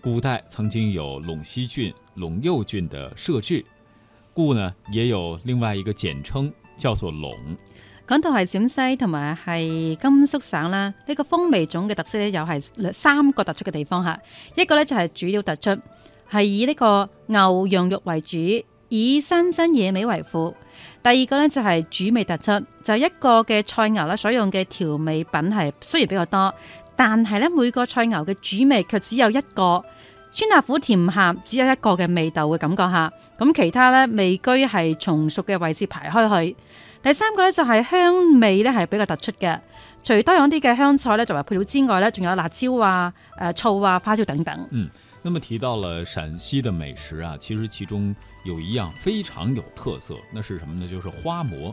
古代曾經有隴西郡、隴右郡的設置，故呢也有另外一個簡稱叫做隴。講到係陝西同埋係甘肅省啦，呢、呢個風味種嘅特色咧，有係三個突出嘅地方吓，一個呢就係主料突出，係以呢個牛羊肉為主，以山珍野味為輔；第二個呢就係主味突出，就是、一個嘅菜肴咧所用嘅調味品係雖然比較多。但係咧，每個菜肴嘅主味卻只有一個，酸、辣、苦、甜、鹹，只有一個嘅味道嘅感覺吓。咁其他咧味居係從熟嘅位置排開去。第三個咧就係香味咧係比較突出嘅，除咗多樣啲嘅香菜咧作為配料之外咧，仲有辣椒啊、誒、呃、醋啊、花椒等等。嗯，那麼提到了陝西的美食啊，其實其中有一樣非常有特色，那是什麼呢？就是花饃。